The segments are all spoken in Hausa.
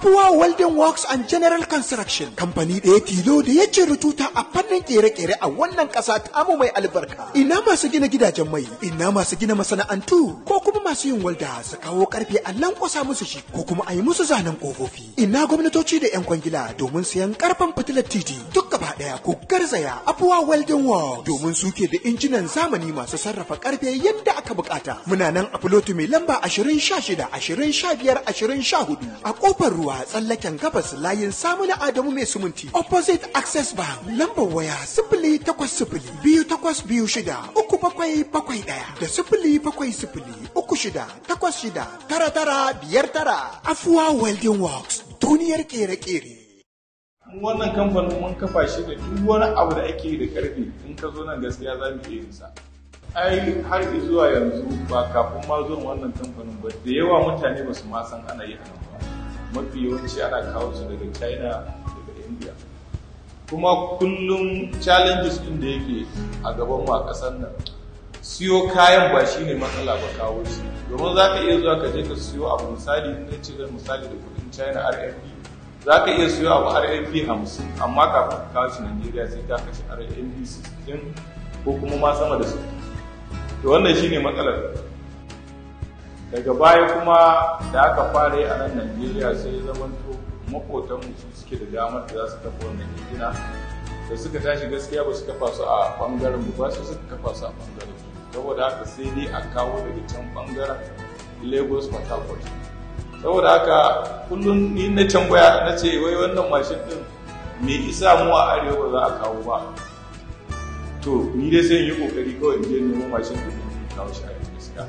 Abuwa Welding Works and General Construction kamfani ɗaya tilo da ya ce tuta a fannin ƙere-ƙere a wannan ƙasa ta tamu mai albarka. Ina masu gina gidajen mai, ina masu gina masana'antu, ko kuma masu yin walda su kawo ƙarfe a lankwasa musu shi, ko kuma a yi musu zanen ƙofofi. Ina gwamnatoci da 'yan kwangila domin sayan ƙarfen fitilar titi duk gaba ɗaya ku garzaya Abuwa Welding World domin suke da injinan zamani masu sarrafa karfe yadda aka bukata. Muna nan a Filoto mai lamba 2016, 2015, 2014 a ƙofar ruwa tsallaken gabas layin samun Adamu mai suminti opposite Access Bank lamba waya sifili takwas sifili biyu takwas biyu shida uku bakwai bakwai ɗaya da sifili bakwai sifili uku shida takwas shida tara tara biyar tara. Afuwa Welding Works duniyar kere-kere. wannan kamfanin mun kafa shi da duk wani abu da ake yi da karfi in ka zo nan gaskiya za mu iya sa ai har zuwa yanzu ba kafin ma zuwan wannan kamfanin ba da yawa mutane ba su ma san ana yi nan ba mafi yawanci ana kawo su daga china daga india kuma kullum challenges din da yake a gaban mu a kasar nan siyo kayan ba shi ne matsala ba kawo shi domin za ka iya zuwa ka je ka siyo abu misali na ce misali da kudin china rmb za ka iya siyo abu rmp hamsin amma kafin ka kawo shi nigeria sai ka kashe rmp sittin ko kuma ma sama da su to wannan shi ne matsalar daga baya kuma da aka fara yi a nan nigeria sai ya zamanto makotan su suke da damar da za su kafa wannan injina da suka tashi gaskiya ba su kafa su a bangaren mu ba su suka kafa su a bangaren saboda haka sai dai a kawo daga can bangaren lagos port saboda haka kullum ni na tambaya na ce wai wannan mashin din me isa mu a arewa za a kawo ba to ni dai zan yi kokari kawai in je nemo mashin din in kawo shi a gaskiya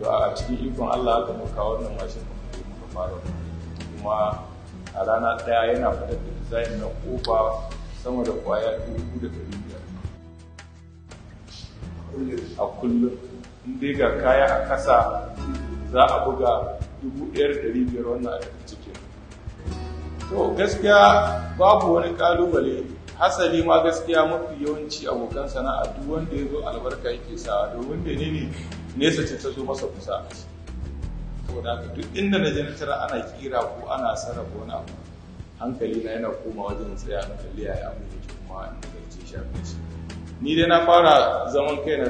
to a cikin ikon Allah aka mu kawo wannan mashin din muka fara kuma a rana daya yana fitar da design na kofa sama da kwaya dubu a kullum in dai ga kaya a kasa za a buga 1,500 wannan adadin ciki to gaskiya babu wani kalubale hasali ma gaskiya mafi yawanci abokan sana'a duk wanda ya zo albarka yake sa domin da ne nesa ce ta zo masa kusa da ka duk inda na jin ana kira ko ana sarrafa wani abu hankali na yana koma wajen tsaya na kalli ya abu da kuma inda shafe shi ni dai na fara zaman kai na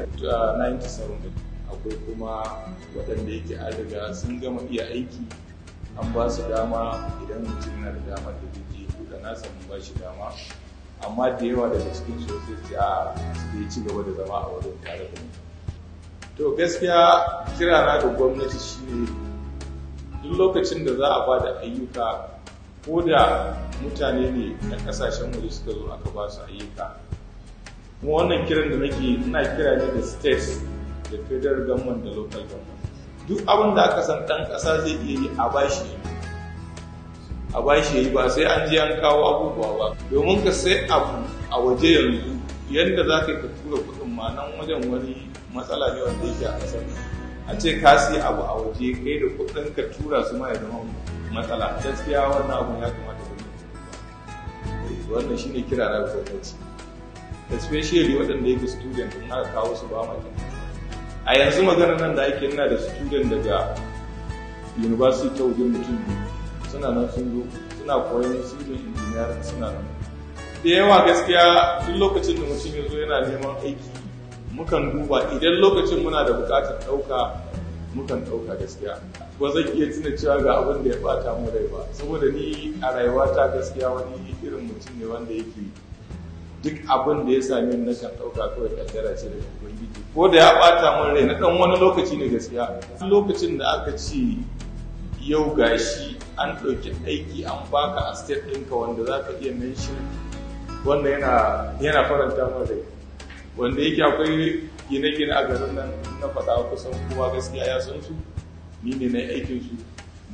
97 akwai kuma waɗanda yake an riga sun gama iya aiki an ba su dama idan mutum na da dama da zai buɗe na mun ba shi dama amma da yawa daga cikin su sai ce a su ci gaba da zama a wajen tare da mu to gaskiya kirana ga gwamnati shine duk lokacin da za a ba da ayyuka ko da mutane ne na kasashen waje suka zo aka ba su ayyuka kuma wannan kiran da nake ina kira ne da states da federal government da local government duk abin da aka san ɗan ƙasa zai iya yi a bashi a bashi yi ba sai an ji an kawo abubuwa ba domin ka sai abu a waje yanzu yadda za ka ka tura kuɗin ma nan wajen wani matsala ne wanda yake a ƙasar a ce ka siya abu a waje kai da kuɗin ka tura su ma ya zama matsala gaskiya wannan abu ya kamata ka wannan shine kira na gwamnati especially waɗanda yake student in aka kawo su ba ma a yanzu magana nan da ake yana da student daga university ta wajen mutum suna nan sun zo suna koyon civil injiniyar suna nan da yawa gaskiya duk lokacin da mutum ya zo yana neman aiki mukan duba idan lokacin muna da bukatar ɗauka mukan ɗauka gaskiya ba zan iya tuna cewa ga abin da ya bata mu rai ba saboda ni a rayuwata gaskiya wani irin mutum ne wanda yake duk abin da ya sami na kan ɗauka kawai ƙaddara ce daga ubangiji ko da ya ɓata min rai na ɗan wani lokaci ne gaskiya lokacin da aka ce yau gashi an ɗauki aiki an baka a state ɗinka wanda za ka iya mention wanda yana faranta min rai wanda yake akwai gine-gine a garin nan na faɗa kusan kowa gaskiya ya san su ni ne na aikin su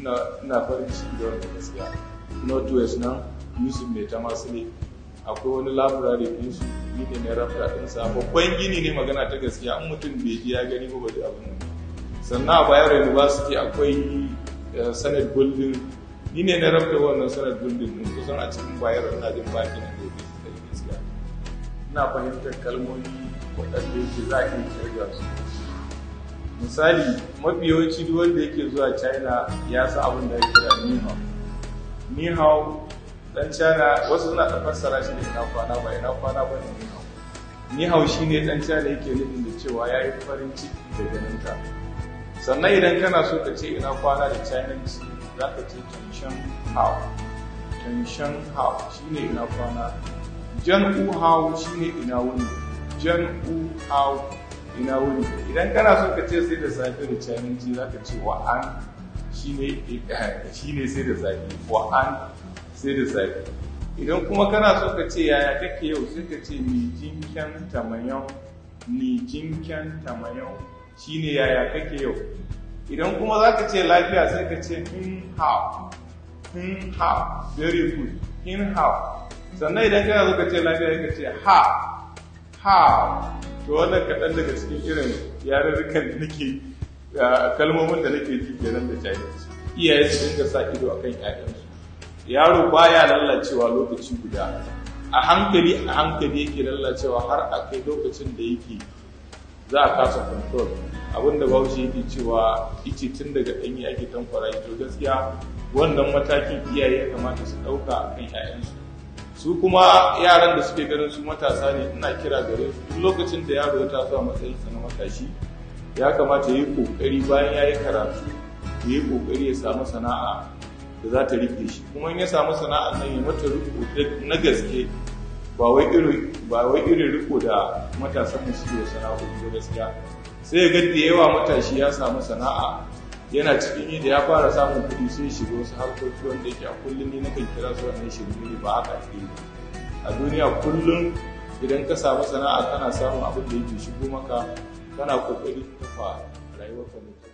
ina farin ciki da wani gaskiya northwest nan yusuf mai ta akwai wani laburare ke shi gini ne rafta din sa babban gini ne magana ta gaskiya an mutum bai ji ya gani ba bai abin nan sannan a bayar university akwai eh, sanad building ni ne na rafta wannan sanad building din kusan a cikin bayar na jin ba ki nan gobe da gaskiya ina fahimtar kalmomi waɗanda yake za a iya su misali mafi yawanci duk wanda yake zuwa china ya sa abin da ya kira ni hao ni hao dan cana wasu suna ta fassara shi ne ina kwana ba ina kwana ba ne ni shi ne dan cana yake nufin da cewa ya yi farin ciki da ganin ka sannan idan kana so ka ce ina kwana da chinese za ka ce tension how tension shi shine ina kwana jan u shi shine ina wuni jan u how ina wuni idan kana so ka ce sai da safe da chinese za ka ce wa an shine eh, shine sai da zafi wa an sai da safe idan kuma kana so ka ce yaya take yau sai ka ce mai jinken tamayau ni jinken tamayau shine yaya take yau idan kuma za ka ce lafiya sai ka ce in how in how very good in how sannan idan kana so ka ce lafiya sai ka ce ha ha to wannan kaɗan daga cikin irin yarurrukan da nake ah, kalmomin da nake ji kenan da jayi iyaye su dinga sa ido akan ƴaƴansu yaro baya lallacewa lokaci guda a hankali a hankali yake lallacewa har a kai lokacin da yake za a kasa control abinda bauchi yake cewa ice tun daga ɗanyi ake tankwara to gaskiya wannan matakin iyaye ya kamata su ɗauka a kan su kuma yaran da suke ganin su matasa ne ina kira gare su duk lokacin da yaro ya taso a matsayinsa na matashi ya kamata ya yi ƙoƙari bayan ya yi karatu ya yi ƙoƙari ya samu sana'a da za ta rufe shi kuma in ya samu sana'a nan ya mata riko na gaske ba wai irin ba wai irin riko da matasan mu suke sana'o'i da gaskiya sai ga da yawa matashi ya samu sana'a yana cikin yi da ya fara samun kuɗi sai shiga wasu harkoki wanda yake a kullum ne nakan kira su wannan ne ba haka ke a duniya kullum idan ka samu sana'a kana samun abin da yake shigo maka kana kokari kafa rayuwarka ka.